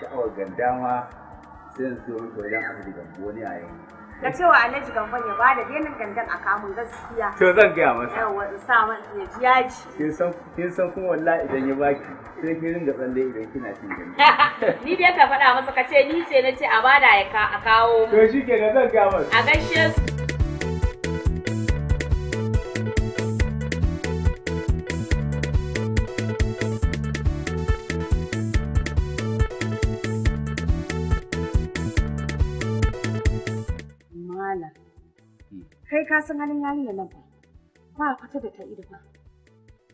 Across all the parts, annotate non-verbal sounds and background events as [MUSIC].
sha'awar ganda ma sai in so rufe wajen alhaji gambo ne a yau cewa alhaji gambo ya ba da gandan a kamun gaskiya to zan gaya masa yawa sa man ya ji yaji kin san kuma wallahi idan ya baki sai kin ringa tsalle idan kina cin ganda [LAUGHS] ni dai ka faɗa masa ka ce ni ce na ce a bada ya kawo mu to shi ke zan gaya masa a gaishe su ka san halin da nan ba ba kwata da ta ido ba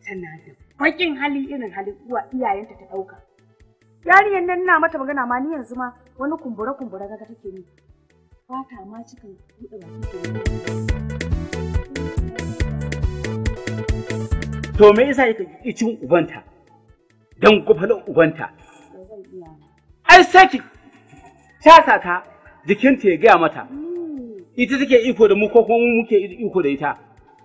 tana da bakin hali irin halin uwa iyayenta ta ɗauka Yariyan nan na mata magana ma ni yanzu ma wani kumbura kumbura gaga take ni ba ta ma cikin buɗe baki to me yasa yake cin ubanta dan gufalin ubanta ai saki ki tasa ta jikinta ya gaya mata ita take iko da mu ko kuma mu muke iko da ita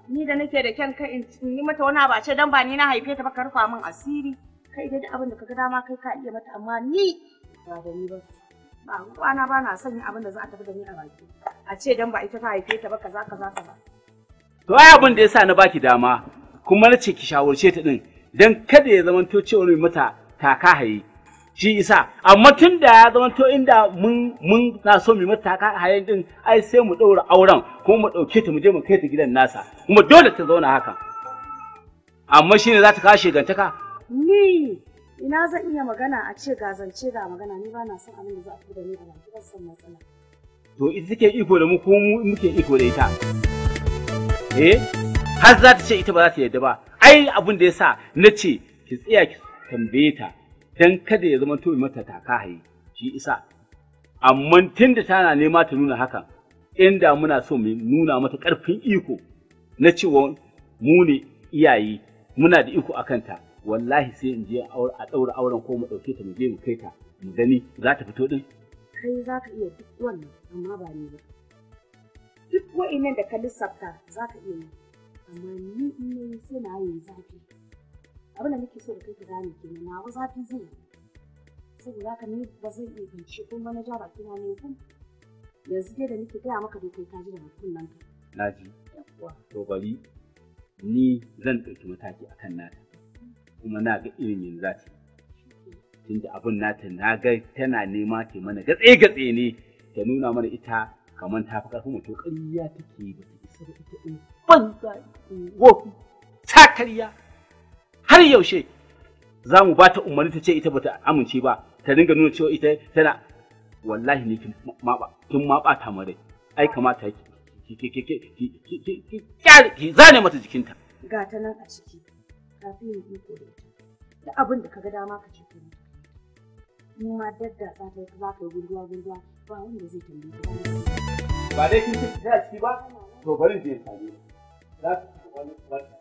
ni da nake da kyan kai in yi mata wani ce dan ba ni na haife ta ba ka rufa min asiri kai da abin da kaga dama kai ka iya mata amma ni ba da ni ba ba kwana ba na son yin abin da za a tafi da ni a baki a ce dan ba ita ta haife ta ba kaza ka ba to ai abin da yasa na baki dama kuma na ce ki shawarce ta din dan kada ya zamanto cewa mai mata taka haye shi isa amma tun da ya zama to inda mun mun na so mu mata ka hayan din ai sai mu daura auren kuma mu dauke ta mu je mu kai ta gidan nasa kuma dole ta zauna haka amma shine za ta kashe gantaka ni ina zan iya magana a ce ga zance ga magana ni ba na son abin da za a fi da ni a ban san matsala to ita take iko da mu ko mu muke iko da ita eh har za ta ce ita ba za ta yarda ba ai abin da ya sa na ce ki tsaya ki tambaye ta don kada ya zama Tobi mata taka haye shi isa amma tun tana nema ta nuna hakan inda muna so mu nuna mata ƙarfin iko na cewa mu ne iyaye muna da iko a kanta wallahi sai in je a ɗaura auren ko mu ɗauke ta mu je mu kai ta mu gani za ta fito din? kai za ka iya duk wannan amma ba ni ba duk wa'innan da ka lissafta za ka iya yi amma ni in sai na yin zafi abin da nake so da kai ki gane kenan nawa zafi zai saboda haka ni ba zai iya bincike kuma na ja baki na ne kun yanzu dai da nake gaya maka da kai ka ji da mutum nan ka na ji to bari ni zan ɗauki mataki akan nata kuma na ga irin yanzu za ta tunda abin nata na ga tana nema ta mana gatse gatse ne ta nuna mana ita kamar ta fi ƙarfin to ƙarya take ba ta isa da ita ban ta wofi ta har yaushe za mu ba ta umarni ta ce ita bata amince ba ta dinga nuna cewa ita tana wallahi ne kin ma ta mare ai kamata ki ki ki ki ki zane mata jikinta ga ta nan a ciki kafin yi iko da ita da abin da kaga dama ka ce kuma ma dadda za ta za ka yi gunduwa gunduwa ba wanda zai tambaye ba dai kin ci ta ciki ba to bari je ne za ta wani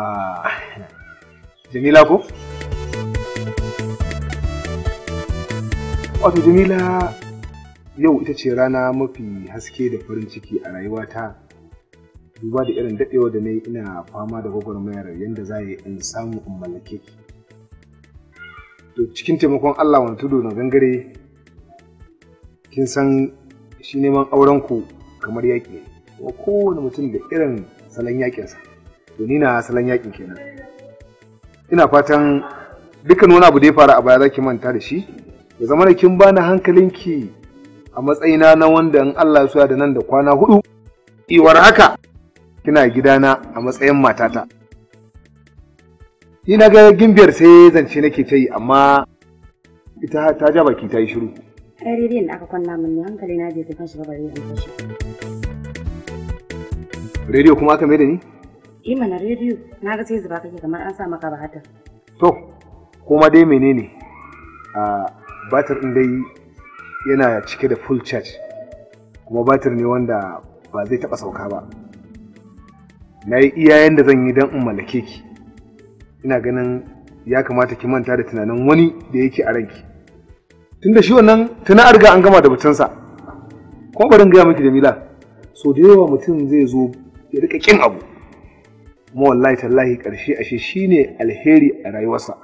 Ah. wato jamila yau ita ce rana mafi haske da farin ciki a rayuwata duba da irin daɗewa da na yi ina fama da gwagwarmayar yadda za yi in samu in mallake to cikin taimakon allah wani tudu na gangare kin san shi neman aurenku kamar yaƙi wa kowane mutum da irin salon yaƙinsa to ni na asalin yakin kenan ina fatan dukkan wani abu da ya faru a baya zaki manta da shi ya zama da kin bani hankalinki a matsayina na wanda in Allah ya so da nan da kwana hudu iwar haka kina gidana a matsayin matata ni na ga gimbiyar sai zance nake ta yi amma ita ta ja baki ta yi shiru ai rediyon da aka kwanna min ne hankali na bai tafi shi ba bare in rediyo kuma aka mai da ni Ima na rediyo na ga sai zuba kake kamar an sa maka bahatar. To, kuma dai menene? A batir ɗin dai yana cike da full charge. Kuma batir ne wanda ba zai taɓa sauka ba. Na yi iyayen da zan yi don in mallake ki. Ina ganin ya kamata ki manta da tunanin wani da yake a ranki. Tunda shi wannan tana an riga an gama da batunsa. Kuma bari in gaya miki Jamila. So da yawa mutum zai zo ya rika kin abu. kuma wallahi tallahi karshe ashe shine alheri a rayuwarsa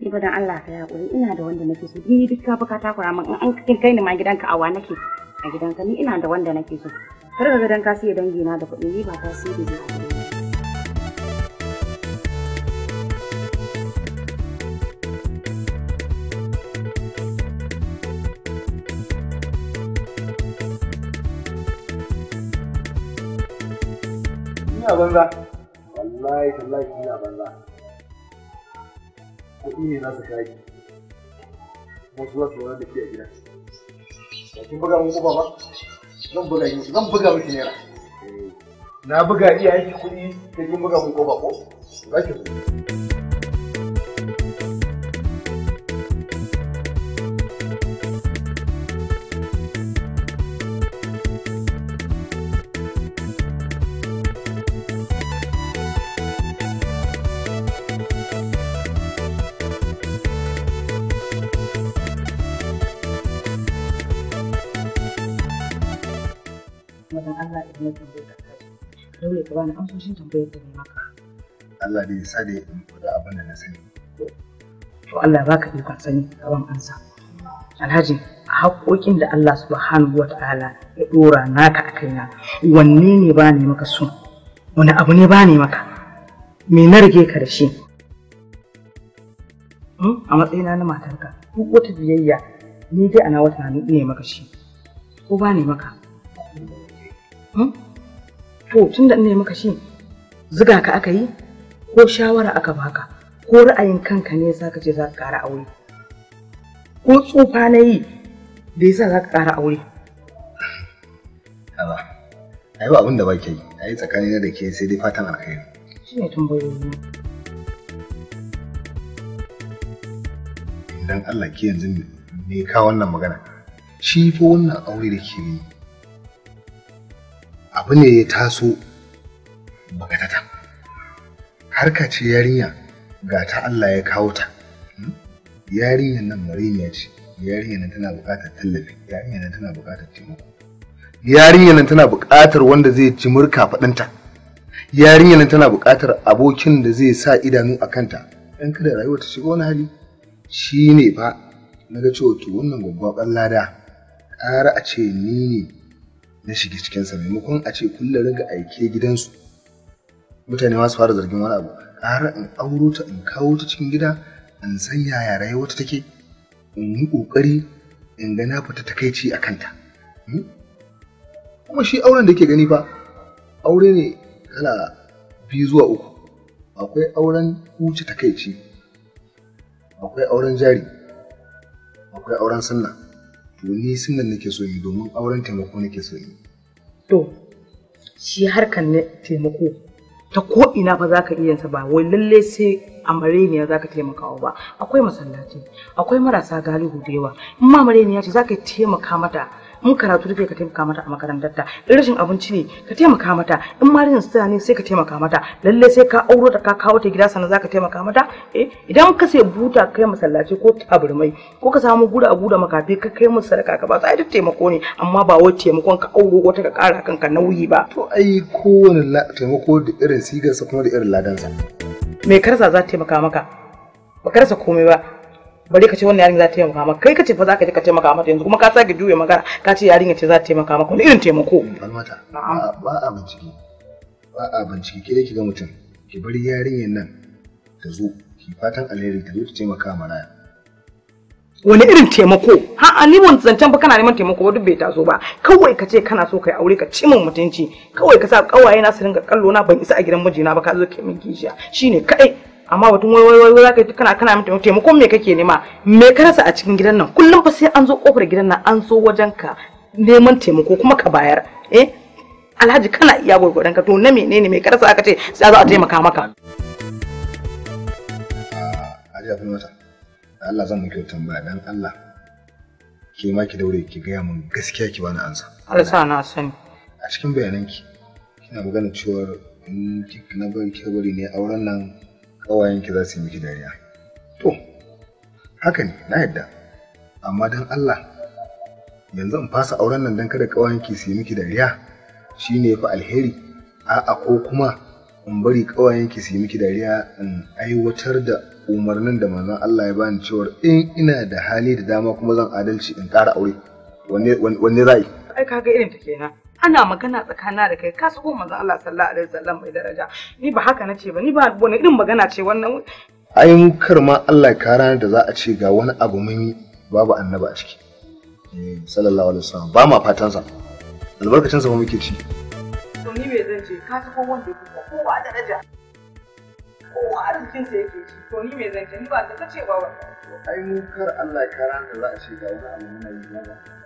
ni ba dan Allah ka yaƙuri ina da wanda nake so ni duk ka baka takura min an kin kai ni ma gidanka awa nake a gidanka ni ina da wanda nake so kar ka ga dan ka siya dangi na da kuɗi ni ba ta siya da Ina banza. kayi tallahi ina banza kuɗi ne za su kayi wasu za su wani da ke a gida kin buga mun kuma ba zan buga yi zan buga miki naira eh, na buga iyayen kuɗi sai kin buga mun kuma ko za ki zo kuma dan Allah idan na da ka dole ka bani amsoshin tambayar da ne maka Allah da ya sa da in koda abin da na sani to Allah baka ikon sani ka ban ansa Alhaji haƙoƙin da Allah subhanahu wa ta'ala ya ɗora naka a kaina wanne ne ba ne maka so wani abu ne ba ne maka me na rage ka da shi a matsayina na matarka duk wata biyayya ni dai ana wata ne maka shi ko ba ne maka Hmm? To tun da ne maka shi ziga ka aka yi ko shawara aka baka ko ra'ayin kanka ne za ka ce za ka ƙara aure. Ko tsufa na yi da yasa za ka ƙara aure. Haba, ai ba abin da ba ke yi, ai tsakani na da ke sai dai fatan alkhairi. Shi ne tambayoyi. Idan Allah ke yanzu ne ka wannan magana, shi fa wannan aure da ke yi abu ne ya taso bagatata harka ce yarinya ga ta Allah ya kawo ta hmm? yarinyar nan mariya ce yarinyar nan tana buƙatar tallafi yarinyar nan tana buƙatar taimako yarinyar nan tana buƙatar wanda zai ci murka faɗinta yarinyar nan tana buƙatar abokin da zai sa idanu a kanta ɗan kada rayuwa ta shiga wani hali shi ne fa na ga cewa to wannan gwaggwaɓar lada ƙara a ce ni ne na shiga sa maimakon a ce kullum riga aike gidansu mutane ma su fara zargin wani abu har in auro ta in kawo ta cikin gida in san yaya ta take in yi ƙoƙari in ga na fita takaici a kanta hmm? kuma shi auren da ke gani fa aure ne kala biyu zuwa uku akwai auren huce takaici akwai auren jari akwai auren sunna to ni sunan nake so yi domin auren taimako nake so yi to shi harkan na taimako ta ko ina za ka iya sa ba wai lalle sai a mareniya zaka taimakawa ba akwai masallaci akwai marasa galihu da yawa in ma mareniya ce ka taimaka mata Mun karatu take ka taimaka mata a makarantar ta in rashin abinci ne ka taimaka mata in ma rashin ne sai ka taimaka mata lalle sai ka auro ta ka kawo ta gida sannan zaka taimaka mata eh idan ka sai buta kai masallaci ko taburmai ko ka samu gura a gura makafi ka kai musu sadaka ka ba sai duk taimako ne amma ba wai taimakon ka auro wata ka kara kanka nauyi ba to ai kowane taimako da irin sigarsa kuma da irin ladansa me karsa za ta taimaka maka ba karsa komai ba bari ka ce wannan yarinya za ta taimaka maka kai ka ce fa za ka je ka taimaka mata yanzu kuma ka sake juya magana ka ce yarinya ce za ta taimaka maka wani irin taimako mm, almata ba a bincike ba a bincike ke ki ga mutum ki bari yarinyar nan ta zo ki fatan alheri ta zo ta taimaka maraya wani irin taimako ha ni ban zancen ba kana neman taimako ba duk bai taso ba kawai ka ce kana so kai aure ka ci min mutunci kawai ka sa kawaye na su ringa kallo na ban isa a gidan mijina ba ka zo ke min kishiya shine kai amma batun wai wai wai ka kana kana mata taimakon me kake nema me ka rasa a cikin gidan nan kullum fa sai an zo kofar gidan nan an zo wajen ka neman taimako kuma ka bayar eh alhaji kana iya gwargwadon ka to na menene me ka rasa aka ce sai za a taimaka maka Ajiya fi mata Allah zan miki tambaya dan Allah ke ma ki daure ki gaya mun gaskiya ki bani ansa Allah sa na sani a cikin bayananki kina magana cewa in kika bari ne auren nan ƙawayenki za su yi miki dariya to haka ne na yadda amma don Allah yanzu in fasa auren nan don kada ƙawayenki su yi miki dariya shine fa alheri a'a ko kuma in bari ƙawayenki su yi miki dariya in aiwatar da umarnin da manzon Allah ya bani cewar in ina da hali da dama kuma zan adalci in ƙara aure wanne wanne ai kaga irin ta kenan ana magana tsakana da kai kasu ko manzo Allah sallallahu alaihi wasallam mai daraja ni ba haka nace ba ni ba wani irin magana ce wannan ai mu ma Allah ka ranar da za a ce ga wani abu mun yi babu annaba a ciki eh, sallallahu alaihi wasallam ba ma fatan sa albarkacin sa muke ci to ni me zan ce ka ko wanda ko kowa daraja kowa arzikin sa yake ci to ni me zan ce ni ba ta ce ba ai mu kar Allah ka ranar da za a ce ga wani abu mun yi ba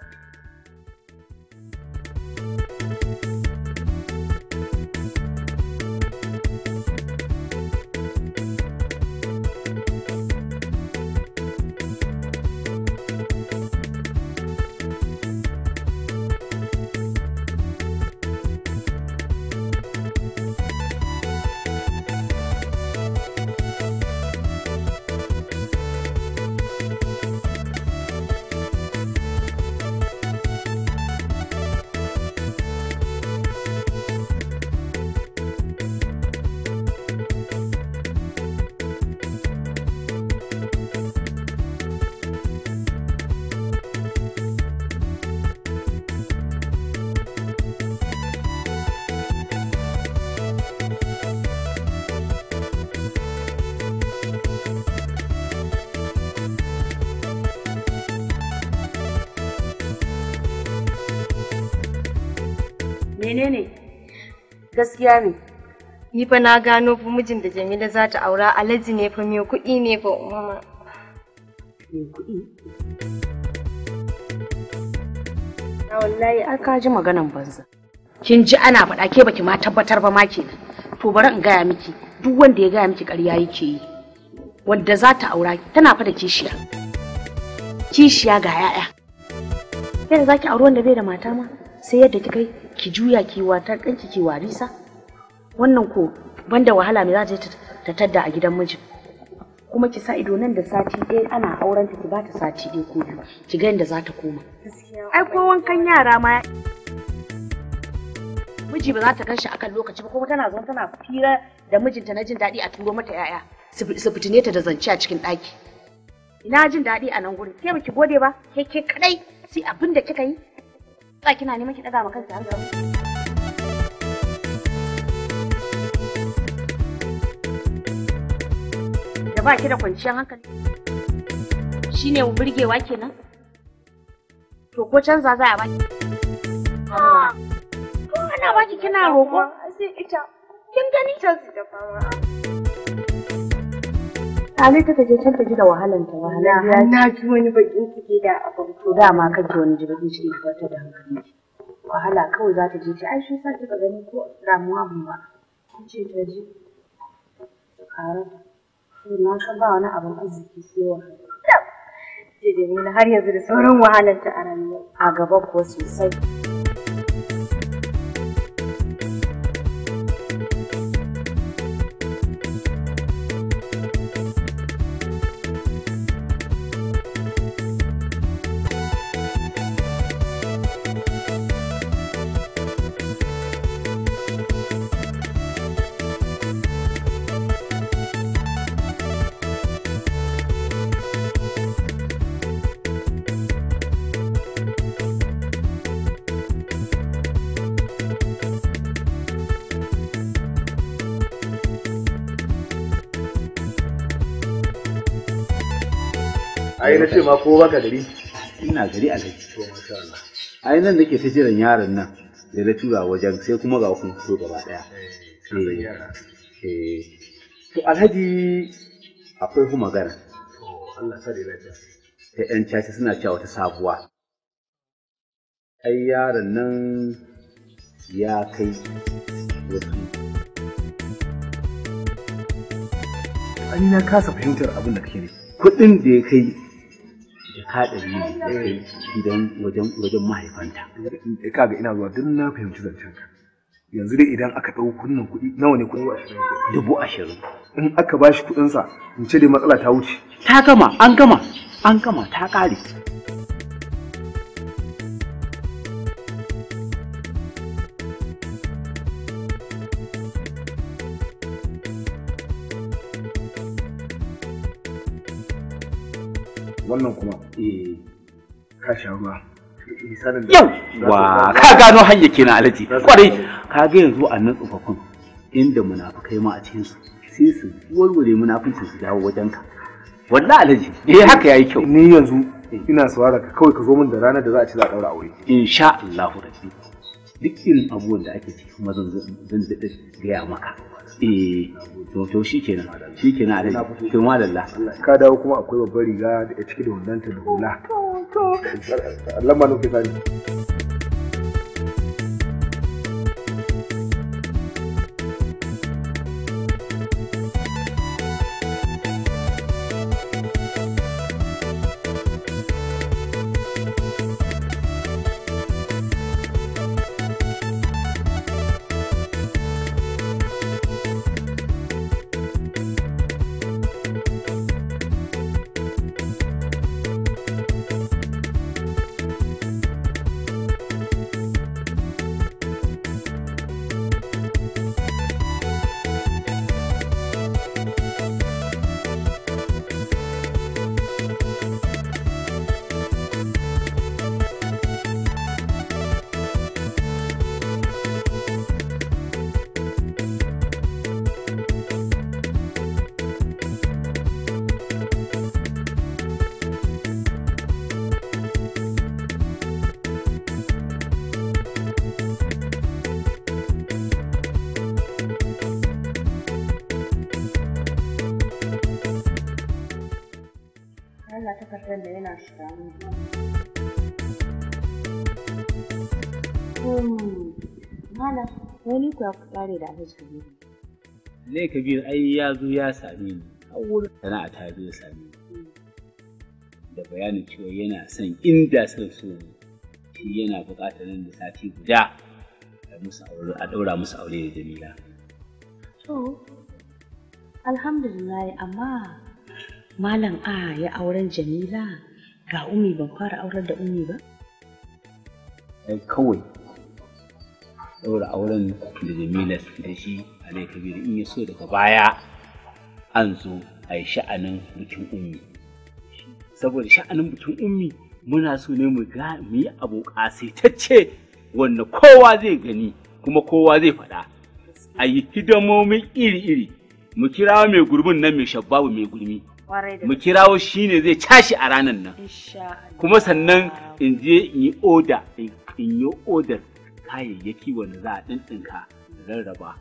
Gaskiya ne. Ni fa na gano fa mijin da Jamila za ta aura alaji ne fa me kuɗi ne fa umma. Mai kuɗi? Na ah, wallahi ai ka ji maganan banza. Kin ji ana faɗa ke baki ma tabbatar ba ma kenan. To bari in gaya miki duk wanda ya gaya miki ƙarya yake yi. Wanda za ta aura tana fa da kishiya. Kishiya ga 'ya'ya. Yanzu za ki auri wanda bai da mata ma? sai yadda kika kai, ki juya ki watar kanki ki warisa wannan ko banda wahala me za ta ta tadda a gidan mijin kuma ki sa ido nan da sati ɗaya ana auren ta ki ba ta sati ɗaya ko biyu ki ga yadda za ta koma ai ko wankan yara ma miji ba za ta gan shi akan lokaci ba kuma tana zo tana fira da mijinta na jin daɗi a turo mata 'ya'ya su fitine ta da zance a cikin ɗaki ina jin daɗi a nan gurin ke ki gode ba ke ke kadai sai abin kika yi Ba kina neman ki daga ma kanki hankali. Da ba ki da kwanciyar hankali. shine burgewa kenan? To ko canza za a baki? Ah! Ko ana baki kina roƙo? Sai ita. Kin gani? Canza da fama. Sami ta kaje can ta ji da wahalan ta wahala. Na na ji wani bakin ciki da abin to dama kake wani ji bakin ciki ba ta da hankali. Wahala kawai za ta je ta ai shi sa kika gani ko damuwa mu ba. Kun ce ta ji. Kare. na san ba wani abin arziki sai wahala. Ce da ni har yanzu da sauran wahalar ta a rayuwa. A gaba ko sosai. na ce ma ko baka gari ina gari a gari to masha Allah ai nan nake tijiran yaron nan da na tura wajen sai kuma ga kun so gaba daya eh, eh, eh to alhaji akwai kuma magana to Allah sare lafiya ta yan caca suna cewa ta sabuwa ai yaron nan ya kai wasu an na kasa fahimtar abin da kake ne kuɗin da ya kai jaka ɗari ne gidan wajen wajen mahaifanta eh, ina zuwa duk na fahimci zancen ka yanzu dai idan aka ɗau kunnan kuɗi nawa ne kuɗi dubu ashirin in aka ba shi kuɗinsa in ce dai matsala ta wuce ta gama an gama an gama ta ƙare wannan kuma eh ka ruwa yau wa ka gano hanyar na alaji kwarai ka ga yanzu a nan tsofaffin inda munafukai ma a cikin su sai su warware munafuncin su dawo wajen ka wallahi alaji eh haka yayi kyau ni yanzu eh. ina saurara ka kawai ka zo min da ranar da za a ci za a daura aure insha Allah rabbi duk irin abubuwan da ake ciki mazan zan zan gaya maka eh to to shikenan shikenan alai to lalla. ka dawo kuma akwai babbar riga da cike da wandanta da hula to to Allah ma nufi sani Helena stammen. Malam, wani kuwa ku tsare da Alhaji Kabiru. Ne Kabiru ai ya zo ya same ni, har wurin sana'a ta zo ya ni. Da bayanin cewa yana son inda son so shi yana buƙatar nan da sati guda a ɗaura musu aure da Jamila. To, alhamdulillah amma malam a ya auren jamila ga umi ban fara aurar da umi ba ai kawai saboda auren da jamila da shi a kabiru in ya so daga baya an zo a yi sha'anin bikin ummi saboda sha'anin bikin ummi muna so ne mu ga mu yi abu ƙasaitacce wanda kowa zai gani kuma kowa zai faɗa a yi hidamomin iri-iri mu kira mai gurbin nan mai shabbabu mai gurmi mu kirawo shi ne zai cashi a ranar nan kuma sannan in je in yi oda in yi odar kayayyaki wanda za a ɗinɗinka rarraba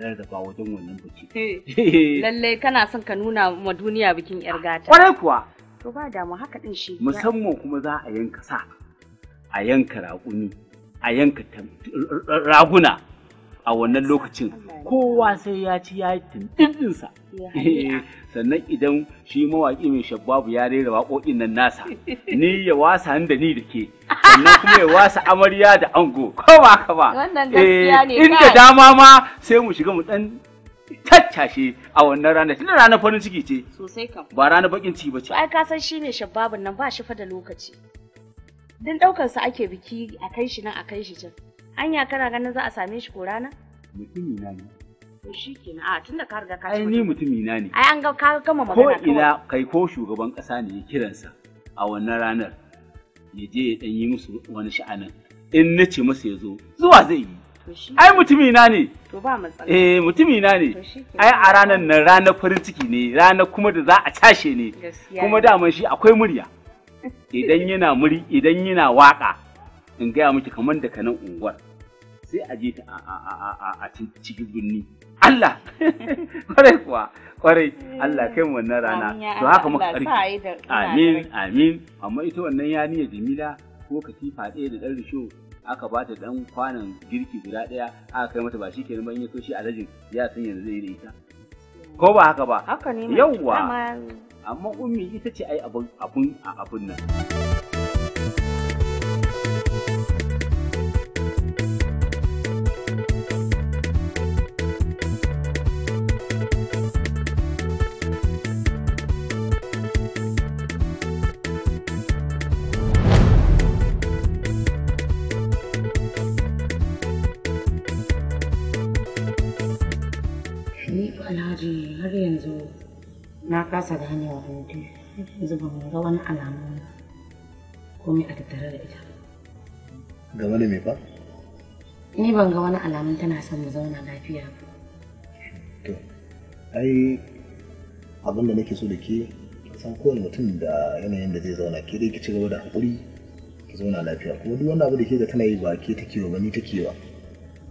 rarraba wajen wannan biki eh, [LAUGHS] lallai kana son ka nuna ma duniya bikin yar gata kwarai kuwa to ba damu haka din shi musamman kuma za a yanka sa a yanka raƙuni a yanka raguna a wannan lokacin kowa sai ya ci ya yi tindinsa eh, sannan idan shi mawaƙi mai shababu ya rera waƙoƙin nan nasa [LAUGHS] ni ya wasa da ni da ke sannan kuma ya wasa amarya da ango kama kama inda dama ma sai mu shiga mu dan tattashe a wannan ranar tunda ranar farin ciki ce ba ranar bakin ciki ba ce ai ka san ne shababun nan ba shi fa da lokaci din daukar ake biki a kai shi nan a kai shi can Anya kana ganin za a same shi ko rana? Mutumi na ne. To shikenan a tunda ka riga ka Ai ni mutumi na ne. Ai an ga ka gama magana Ko ina kai ko shugaban kasa ne ya kiransa a wannan ranar. Ya je ya dan yi musu wani sha'anin. In na ce masa ya zo zuwa zai yi. Ai mutumi na ne. To ba matsala. Eh mutumi na ne. Ai a ranar nan ranar farin ciki ne, ranar kuma da za a cashe ne. Kuma daman shi akwai murya. [LAUGHS] Idan yana muri, idan yana waka, in gaya miki kamar da kanan unguwar sai a je ta a cikin birni Allah [LAUGHS] kwarai kuwa kwarai Allah kai mu wannan rana to haka muka karfi amin amin amma ita wannan ya niyya Jamila ko katifa ɗaya da ɗan risho aka ba ta ɗan kwanan girki guda ɗaya aka kai mata ba shi kenan ban in ya shi alhajin ya san yanzu zai yi da ita ko ba haka ba yauwa amma ummi ita ce ai abun abun nan kasa ganewa yanzu yanzu ban ga wani alamu komai a tattare da ita game da me ba ni ban ga wani alamun tana son mu zauna lafiya ba to ai abin da nake so da ke san kowane mutum da yanayin da zai zauna ke dai ki ci gaba da haƙuri ki zauna lafiya kuma duk wani abu da ke da tana yi ba ke take wa ba ni take wa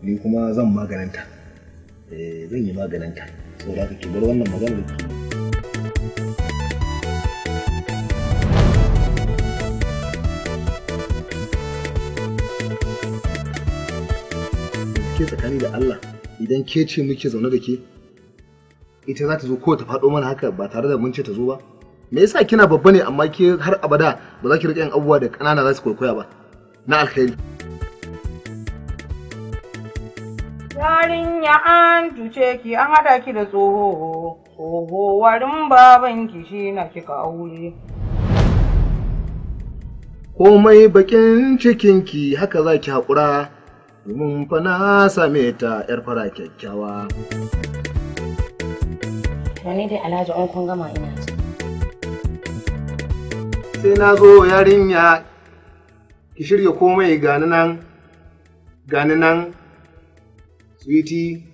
ni kuma zan maganinta eh, zan yi maganinta saboda ka ki bar wannan magana da ke ke tsakani da Allah idan ke ce muke zaune da ke ita za ta zo ko ta faɗo mana haka ba tare da mun ce ta zo ba me yasa kina babba ne amma ke har abada ba za ki riƙa yin abubuwa da ƙanana za su kwaikwaya ba na alkhairi yarinya an tuce ki an haɗa ki da tsoho tsoho warin baban ki shi na kika aure komai bakin ki haka za ki haƙura mun fa na same ta yar fara kyakkyawa. Wani dai Alhaji an kun gama ina ce. Sai na zo yarinya ki shirya komai gani nan gani nan sweetie.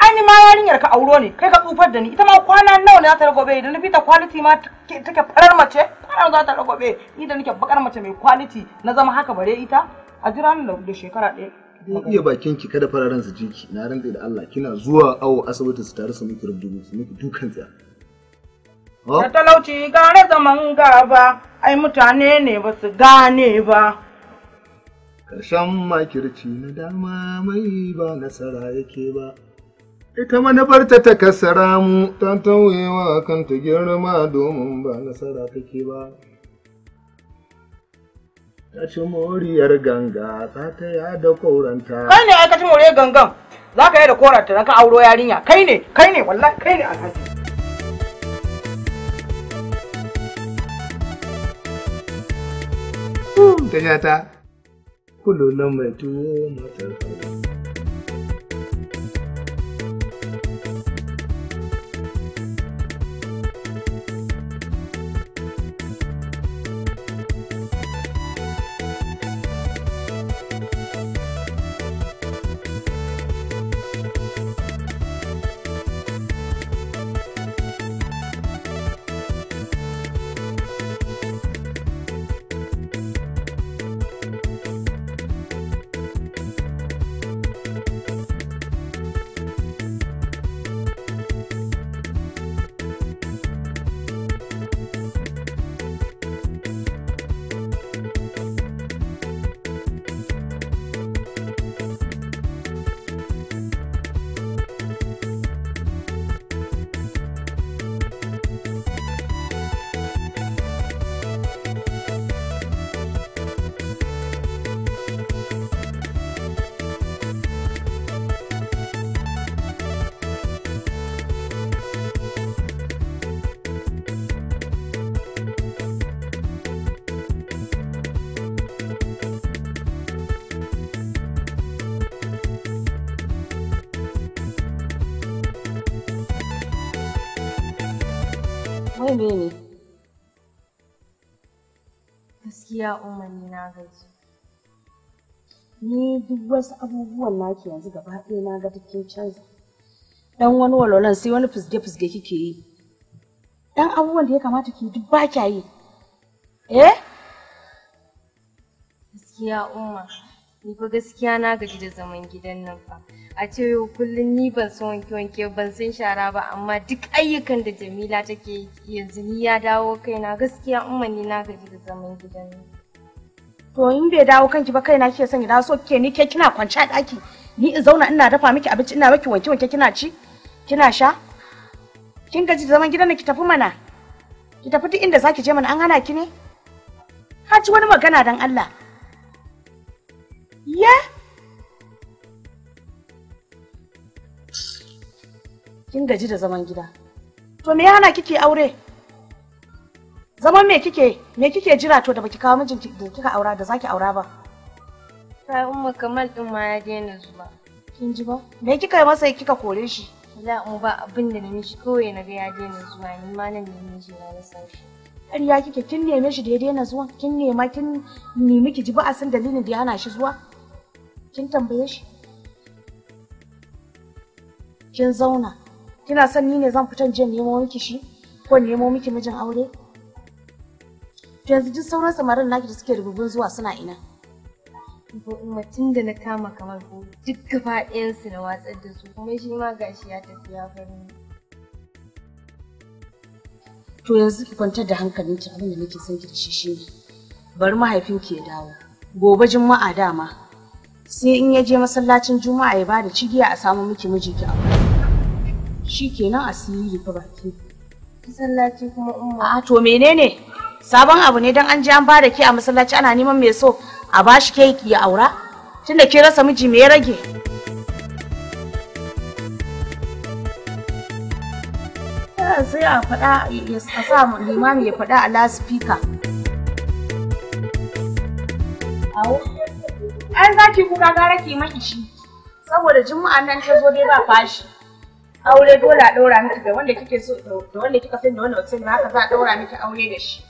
An yi ma yarinyar ka auro ne kai ka tsufar da ni ita ma kwana nawa ne za ta ragobe da nufi ta kwaliti ma take farar mace kwana za ta ragobe ni da nake bakar mace mai kwaliti na zama haka bare ita a jira da shekara ɗaya kun iya bakin ki kada fararen su ji ki na rantsa da Allah kina zuwa awo asibiti su tare su miki rubutu su miki dukan tsaya Ka talauci gane zaman gaba, ai mutane ne ba su gane ba. Karshen makirci na dama mai ba nasara yake ba. Ita manufarta ta kasara mu, ta tauyewa kanta girma domin ba nasara take ba. ta ci moriyar ganga za ta ya da koranta kai ne ai ka ci moriyar gangan za ka yi da koranta don ka auro yarinya kai ne kai ne wallahi kai ne a alhaji ta ta na mai tuwo matar gaskiya umarni na gaji ni duk wasu abubuwan naki yanzu gaba ɗaya na ga dukkin canza dan wani walwalan sai wani fusge fusge kike yi dan abubuwan da ya kamata ki duk ba kya yi eh gaskiya umma ni gaskiya na gaji da zaman gidan nan fa a ce yau kullum ni ban san wanke wanke ban san shara ba amma duk ayyukan da jamila take yanzu ni ya dawo kaina gaskiya umma ni na gaji da zaman gidan nan to in bai dawo kanki ba kaina kike son ya so kike ni ke kina kwance a daki ni in zauna ina dafa miki abinci ina miki wanke wanke kina ci kina sha kin gaji da zaman gidan nan ki tafi mana ki tafi duk inda zaki je mana an hana ki ne ka ci wani magana dan Allah Ya? Kin gaji da zaman gida. To me hana kike aure? Zaman me kike? Me kike jira to da baki kawo mijinki da kika aura da zaki aura ba? Sai umma Kamal din ma ya daina zuwa. Kin ji ba? Me kika yi masa kika kore shi? Za mu ba abin da nemi kowe na ga ya daina zuwa ni ma nan ne miji na rasa shi. Ƙarya kike kin neme shi da ya daina zuwa? Kin nema kin nemi ki ji ba a san dalilin da ya hana shi zuwa? kin tambaye shi kin zauna kina son ni ne zan fitan je nemo miki shi ko nemo miki mijin aure to yanzu duk sauran samarin naki da suke rububin zuwa suna ina mutum da na kama kamar ko duk gaba ɗayansu na watsar da su kuma shi ma gashi ya tafi ya bari to yanzu ki kwantar da hankalinki abin da nake son ki da shi shine bari mahaifinki ya dawo gobe juma'a dama sai in ya je masallacin juma'a ya bada cigiya a samu miki miji ki aure shi kenan asiri fa baki masallaci kuma umma a to menene sabon abu ne dan an je an bada ki a masallaci ana neman mai so a bashi ke ki ya aura tunda ki rasa miji me ya rage sai a faɗa ya sa limami ya faɗa a lasifika. speaker Ɗan zaki kuka gara ki maki shi. Saboda juma'a nan ta zo dai ba fashi. Aure dole a daura miki da wanda kike so da wanda kika san da wanda mutum haka za a daura miki aure da shi.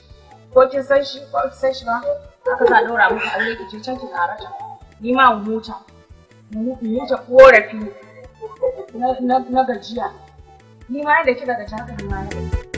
Ko kin san shi ko kin san shi ba haka za a daura miki aure ki je can ki ta Ni ma mu huta. Mu huta korafi na gajiya. Ni ma da kika gaji haka ni ma na gajiya